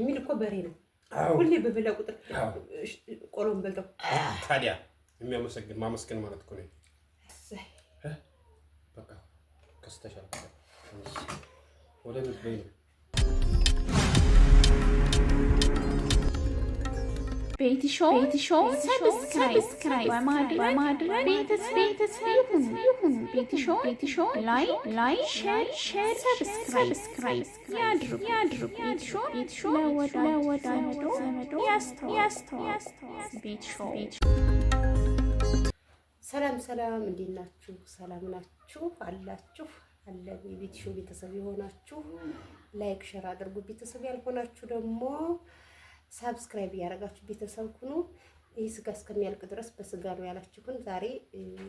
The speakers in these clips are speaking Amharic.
የሚል እኮ በሬ ነው። ሁሌ በበላ ቁጥር ቆሎን በልተው ታዲያ የሚያመሰግን ማመስገን ማለት እኮ ነው። በቃ ከስተሻል ወደ ቤት በይ ነው ቤትሾውን ሰብስክራይብ በማድረግ ቤተሰብ ይሁኑ። ቤትሾውን ላይክ፣ ሼር፣ ሰብስክራይብ ያድርጉ። ቤትሾውን ለወዳጅ ዘመዶ ያስተዋውቁ። ሰላም ሰላም፣ እንዴት ናችሁ? ሰላም ናችሁ አላችሁ አለን የቤትሾው ቤተሰብ የሆናችሁ ላይክ ሸር አድርጉ። ቤተሰብ ያልሆናችሁ ደግሞ ሰብስክራይብ እያደረጋችሁ ቤተሰብ ሁኑ። ይህ ስጋ እስከሚያልቅ ድረስ በስጋ ነው ያላችሁን። ዛሬ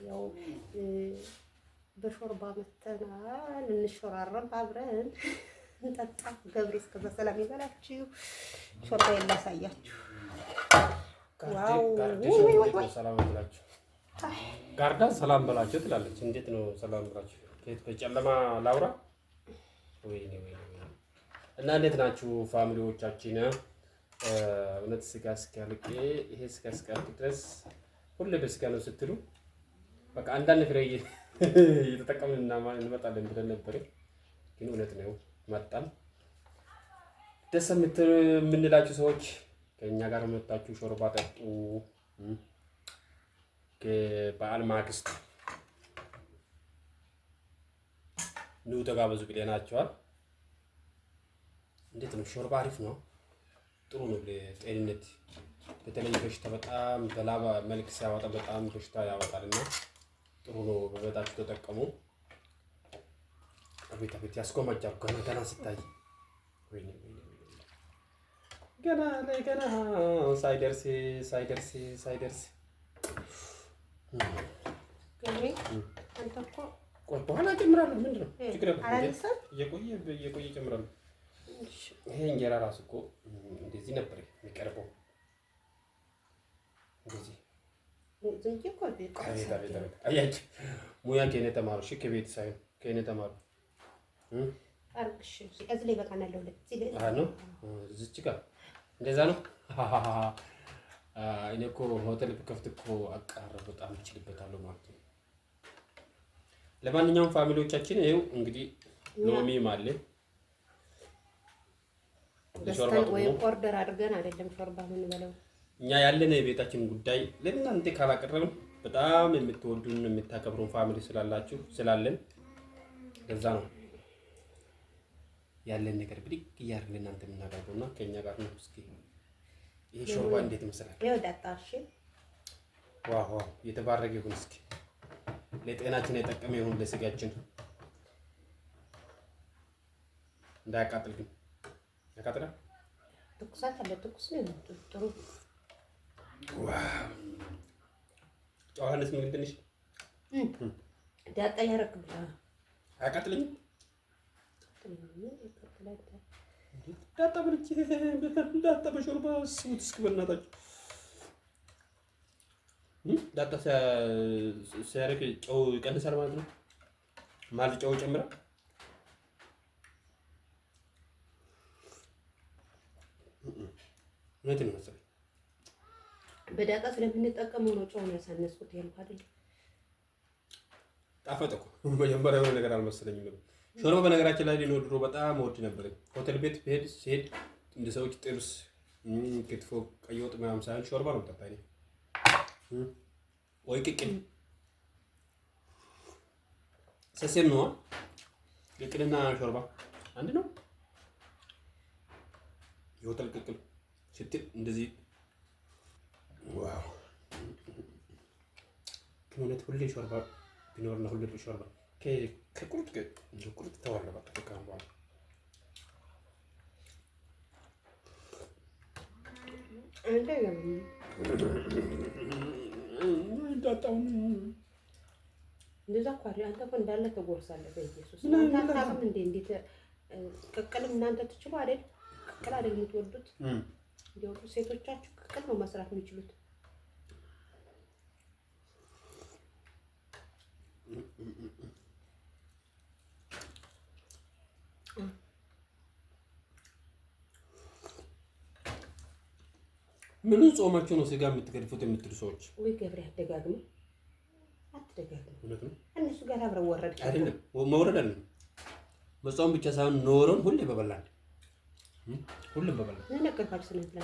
ያው በሾርባ መተናል፣ እንሾራረም፣ አብረን እንጠጣ። ገብሬ እስከዛ ሰላም ይበላችሁ። ሾርባ የላሳያችሁ። ጋርዳ ሰላም በላችሁ ትላለች። እንዴት ነው ሰላም በላችሁ? ከየት በጨለማ ላውራ? ወይ ወይ እና እንዴት ናችሁ ፋሚሊዎቻችን? እውነት ስጋ እስኪያልቅ ይሄ ስጋ እስኪያልቅ ድረስ ሁሌ በስጋ ነው ስትሉ በቃ አንዳንድ ፍሬ እየተጠቀምን እንመጣለን ብለን ነበር ግን እውነት ነው መጣም። ደስ የምንላችሁ ሰዎች ከእኛ ጋር መጣችሁ ሾርባ ጠጡ። በዓል ማግስት ኑ ተጋበዙ ብለናቸዋል። እንዴት ነው ሾርባ? አሪፍ ነው። ጥሩ ነው ለጤንነት። በተለይ በሽታ በጣም በላባ መልክ ሲያወጣ በጣም በሽታ ያወጣል እና ጥሩ ነው። በጣም ተጠቀሙ። አቤት አቤት ያስጎመጃል። ገና ገና ስታይ ገና ላይ ገና ሳይደርስ ሳይደርስ ሳይደርስ ቆይ በኋላ ጨምራለሁ። ምንድን ነው ችግር የለም። እየቆየ እየቆየ ጨምራለሁ ይሄ እንጀራ ራሱ እኮ እንደዚህ ነበር የሚቀርበው። እንደዚህ አያችሁ፣ ሙያ ከእኔ ተማሩ። እሺ፣ ከቤት ሳይሆን ከእኔ ተማሩ። እዚች ጋር እንደዛ ነው። እኔ እኮ ሆቴል ብከፍት እኮ አቀራረብ በጣም እችልበታለሁ ማለት ነው። ለማንኛውም ፋሚሊዎቻችን ይኸው እንግዲህ ሎሚም አለ በስተን ወይም ኦርደር አድርገን አይደለም ሾርባ የምንበለው። እኛ ያለን የቤታችን ጉዳይ ለእናንተ ካላቀረብም በጣም የምትወዱን የምታከብሩን ፋሚሊ ስላላችሁ ስላለን ለዛ ነው ያለን ነገር ብድግ እያደረግን ለእናንተ የምናቀርበው እና ከእኛ ጋር ነው። እስኪ ይሄ ሾርባ እንዴት ይመስላል? ይወዳጣሽ ዋው ዋው! የተባረገ ይሁን። እስኪ ለጤናችን የጠቀመ ይሁን፣ ለስጋችን እንዳያቃጥል ግን ያቃጥላል። ትኩሳት አለ። ትኩስ ጥሩ ጨዋነት ምን ትንሽ ዳጣ ያረክብታ አያቃጥለኝም። ዳጣ ብልቼ ዳጣ በሾርባ ስሙት እስክ በእናታችሁ ዳጣ ሲያረክ ጨው ይቀንሳል ማለት ነው። ማለት ጨው ጨምራ እውነት ነው መሰለኝ። ስለምንጠቀመው ነው ጨው ነው ያሳነስኩት ጣፈጠ እኮ መጀመሪያ የሆነ ነገር አልመሰለኝም ነበር። ሾርባ በነገራችን ላይ ሊኖር ድሮ በጣም ወድ ነበረኝ። ሆቴል ቤት ብሄድ ሲሄድ እንደ ሰዎች ጥብስ፣ ክትፎ፣ ቀይ ወጥ ምናምን ሳይሆን ሾርባ ነው ጠጣ ወይ ቅቅል ሰሴም ነው። ቅቅልና ሾርባ አንድ ነው። የሆቴል ቅቅል ስትል እንደዚህ ዋው! እውነት ሁሌ ሾርባ ቢኖርና ሁሌ ሾርባ ከቁርጥ ቁርጥ ተዋለ በቃ በኋላ እንደዛ እኮ አንተ እኮ እንዳለ ተጎርሳለህ። በኢየሱስ ቅቅልም እናንተ ትችሉ አይደል? ቅቅል አይደል የምትወዱት እንዲሁም ሴቶቻችሁ ቅቅል ነው መስራት የሚችሉት። ምኑ ጾማችሁ ነው ስጋ የምትገድፉት የምትሉ ሰዎች ወይ ገብሬ አደጋግመው አትደጋግመው። እነሱ ጋር አብረን ወረድ አይደለም መውረድ አለ መጾም ብቻ ሳይሆን ኖረን ሁሌ በበላን ሁሉም በበላ ነገርኳችሁ። ስነ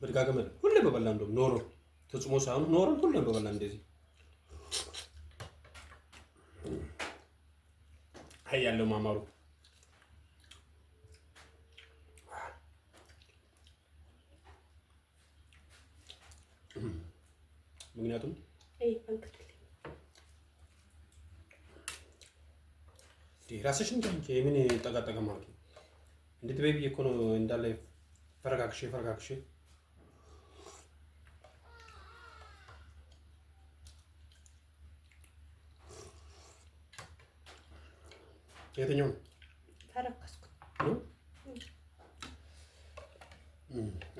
ብላ ሁሉም በበላ እንደውም ኖሮ ተጽሞ ሳይሆን ኖሮ ሁሉም በበላ እንደዚህ አይ ያለው ማማሩ ምክንያቱም ራስሽን የምን ጠጋጠጋ ማለት ነው እንዴት ቤቢ እኮ ነው እንዳለ ፈረጋክሽ ፈረጋክሽ የትኛው ተረከስኩ?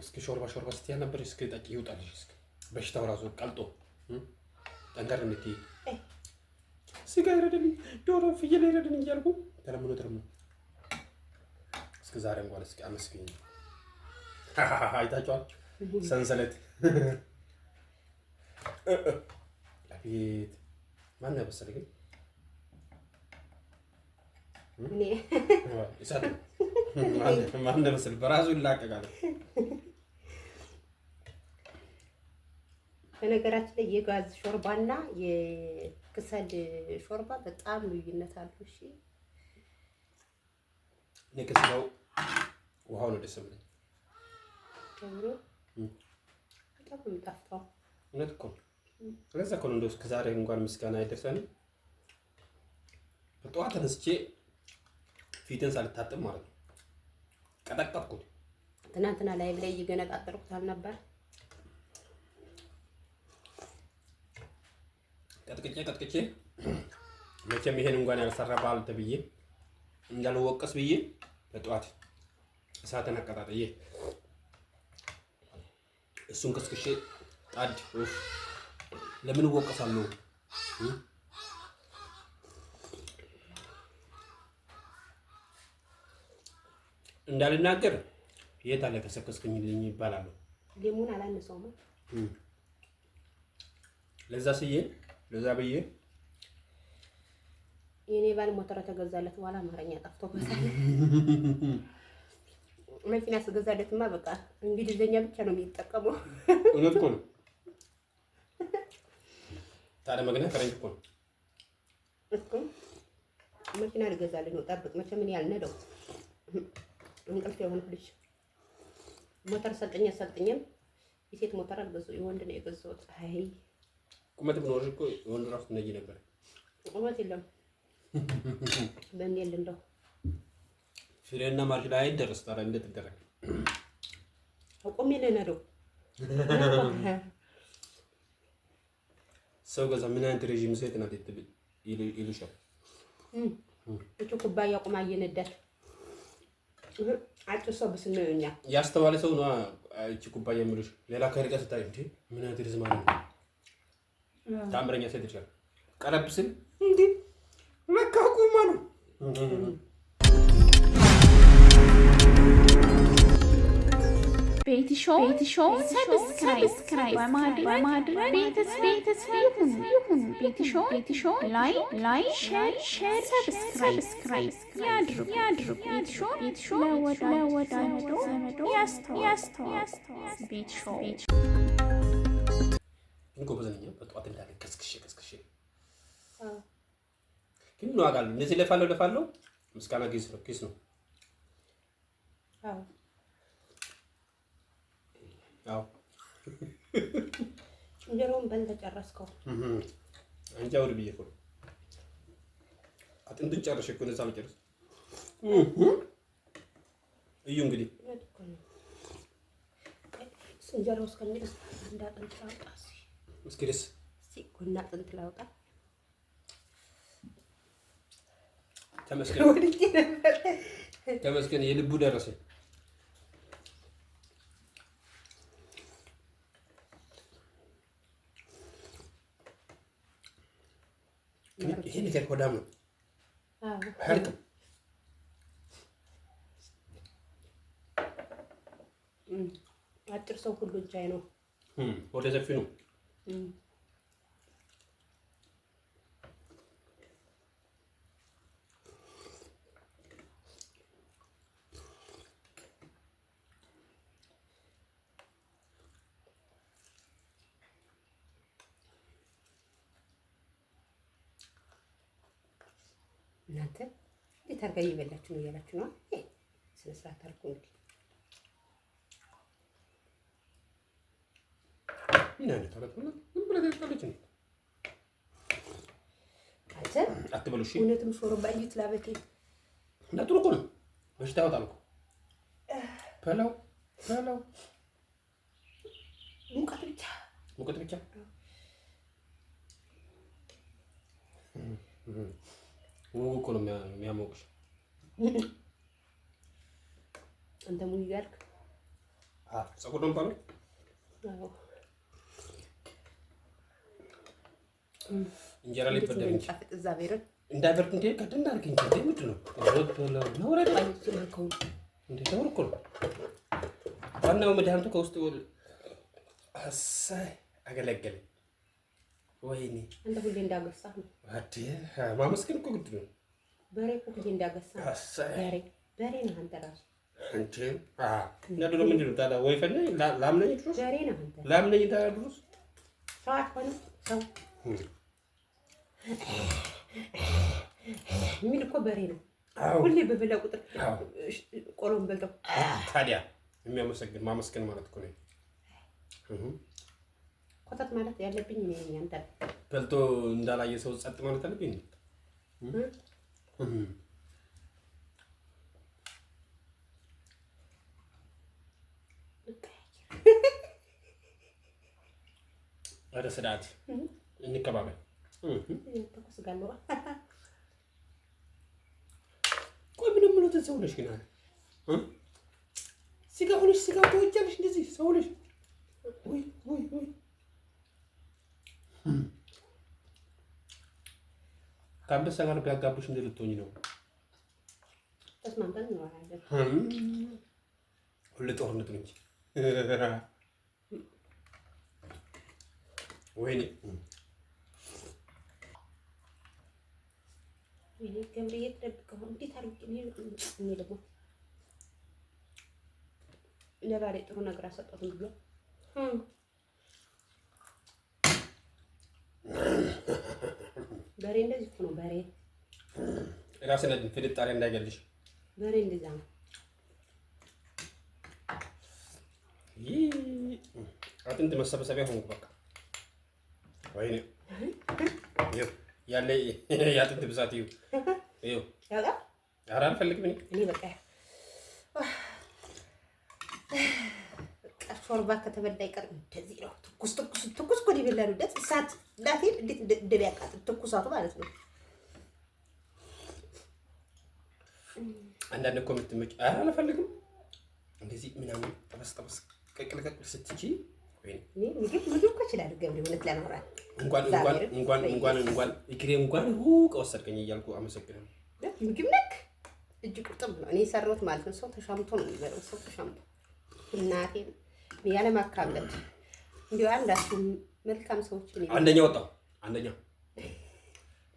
እስኪ ሾርባ ሾርባ ስትያል ነበር። እስኪ ጠጪ ይውጣልሽ። እስኪ በሽታው ራሱ ቀልጦ ጠንከር የምትይ ስጋ ይረድልኝ፣ ዶሮ ፍየል ይረድልኝ እያልኩ ተለምኖ ተለምኖ እስከ ዛሬ እንኳን እስኪ አመስግኝ። አይታችኋል። ሰንሰለት ቤት ማን ነው ያበሰለ ግን ማን ነው ያበሰለ በራሱ ይላቀቃል። በነገራችን ላይ የጋዝ ሾርባና የክሰል ሾርባ በጣም ልዩነት አለው። እሺ ንቅስለው ውሃው ነው ደስ ብለኝ። እውነት እኮ ለዛ እኮ ነው እንደው እስከ ዛሬ እንኳን ምስጋና አይደርሰንም። ጠዋት ተነስቼ ፊትን ሳልታጠብ ማለት ነው ቀጠቀጥኩት። ትናንትና ላይ ላይ እየገነጣጠልኩት ነበር ቀጥቅጬ ቀጥቅጬ መቼም ይሄን እንኳን ያልሰራ ባል ተብዬ እንዳልወቀስ ብዬ በጠዋት እሳትን አቀጣጠዬ እሱን ቀስቅሼ ጣድ ለምን እወቀሳለሁ? እንዳልናገር የት አለ ከሰከስክኝ ልኝ ይባላሉ። ሌሙን አላነሳውም። ለዛ ስዬ ለዛ ብዬ የኔ ባል ሞተር ተገዛለት በኋላ አማርኛ ጠፍቶ መኪና ስገዛለትማ በቃ እንግሊዝኛ ብቻ ነው የሚጠቀመው። እውነት እኮ ነው። ታዲያ መኪና ፈረንጅ እኮ ነው። መኪና ልገዛለት ነው። ጠብቅ መቼ ምን ያህል ነደው እንቅልፍ የሆነ የሆንኩልሽ ሞተር ሰጠኝ ሰልጥኛም የሴት ሞተር አልገዛሁም፣ የወንድ ነው የገዛሁት። አይ ቁመት ብኖርሽ እኮ የወንድ ራሱ ነጂ ነበር። ቁመት የለም በምን የለ እንደው ፍሬና ማርሽ ላይ አይደረስ ታዲያ እንደተደረገ አቆሜ ነው የነደው ሰው ገዛ ምን አይነት ሬዥም ሴት ናት ይሉሻል። እቺ ኩባያ ቁማ እየነዳት አጭ ሰው ብስ ነው እኛ ሰው ነው እቺ ኩባያ የሚሉሽ። ሌላ ከርቀት ስታይ እንዴ ምን አይነት ሬዥም ነው ታምረኛ ሴት ይችላል። ቀረብ እንዴ ለካ ነው ቤቲሾውን ሰብስክራይብ በማድረግ ቤተሰብ ይሁኑ። ቤቲሾውን ላይ ሼር ሰብስክራይብ ያድርጉ። ቤቲሾውን ለወዳጆ ዘመዶ ያስተዋውቁ። ቤቲሾውን ጎበዝ ነኝ። በጠዋት እንዳለ ከስክሼ ከስክሼ ግን ነው አውቃለሁ። እንደዚህ ለፋለው ለፋለው ምስጋና ጊዜ ነው ጊዜ ነው እንጀራውን በልተ ጨረስከው? አንቺ አውሪ ብዬሽ እኮ ነው። አጥንቱን እኮ ነው መጨረስ። እዩ እንግዲህ እንጀራው አጥንት ላውጣ ተመስገን፣ ተመስገን የልቡ ደረሰኝ። ይሄ ነገር ሆዳም ነው፣ አያልቅም። አጭር ሰው ሁሉ እጃይ ነው፣ ወደ ሰፊ ነው። እናንተ እንዴት አርጋ እየበላችሁ ነው እያላችሁ ነው። ስነ ስርዓት አድርጉ እንግዲህ ምን አይነት አለት ነው? ምን ብለ ተጣለች ነው አትበሉ። እሺ እውነትም ሾርባ እዩት ላበቴ እና ጥሩ እኮ ነው። በሽታ ያወጣል እኮ በለው በለው። ሙቀት ብቻ ሙቀት ብቻ ሙሉ እኮ ነው የሚያሞቅሽ። አንተ ሙሉ እያልክ ፀጉር ነው የሚባለው። እንጀራ ላይ በደም እዛ እንዳይበርድ እንዴ ቀደም ዳርክ እንጂ እንዴ ነው ነው ወረደ እንዴ ነው ዋናው መድኃኒቱ ከውስጥ ወደ አሳይ አገለገለ ወይኔ አንተ ሁሌ እንዳገሳ ነው። አዲ ማመስገን እኮ ግድ ነው። በሬ እኮ ሁሌ እንዳገሳ በሬ በሬ ነው አንተ ራሱ አንቺ አ ወይ ላምነኝ አንተ ላምነኝ ታዲያ ድሮስ እኮ በሬ ነው። ሁሌ በበላ ቆሎን በልተው ታዲያ የሚያመሰግን ማመስገን ማለት እኮ ነው። ኮተት ማለት ያለብኝ እኔ ነኝ። አንተ በልቶ እንዳላየ ሰው ጸጥ ማለት አለብኝ። ኧረ ስርዓት እንከባበል። ቆይ ምን ምሎት ሰው ነሽ ግን ስጋ ሆነሽ ስጋ ተወጃለሽ እንደዚህ ሰው ነሽ ወይ ወይ ወይ ከአንበሳ ጋር ቢያጋቡሽ እንደ ልትሆኝ ነው። ተስማምተን እንኖራለን። ሁሌ ጦርነት ነው እንጂ ወይኔ እንዴት አድርጌ ለባሌ ጥሩ ነገር አልሰጠሁትም ብሎ በሬ እንደዚህ እኮ ነው። በሬ እራስ ነድ ፍድጣሪ እንዳይገልሽ በሬ እንደዛ ነው። ይህ አጥንት መሰብሰቢያ ሆንኩ። በቃ ወይኔ ያለ የአጥንት ብዛት እዩ እዩ። ኧረ አልፈልግም እኔ በቃ ሾርባ ከተበላ ይቀር እንደዚህ ነው። ትኩስ ኮዲ ቢላ እሳት ዳፊል እንዴት እንደሚያቃጥል ትኩሳቱ ማለት ነው። አንዳንድ እኮ የምትመጪው ኧረ አልፈልግም እንደዚህ ምናምን ጠበስ ጠበስ ቀቅል ቀቅል ስትቺ ምግብ ምግብ እኮ እችላለሁ ገብሬ፣ እውነት ለማውራት እንኳን እንኳን እንኳን እንኳን እግሬ እንኳን ወሰድከኝ እያልኩ አመሰግናለሁ። ምግብ ነክ እጅ ቁርጥም ነው እኔ የሰራሁት ማለት ነው። ሰው ተሻምቶ ነው የሚበላው። ሰው ተሻምቶ እናቴ እንዲሁ አንዳችሁ መልካም ሰዎች አንደኛ ወጣው አንደኛ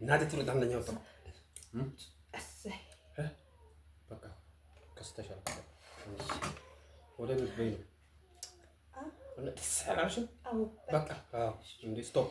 እናቴ ትውልድ አንደኛ ወጣው። በቃ ከስተሻል ወደ ቤት በይ ነው ሰራሽ። በቃ ስቶፕ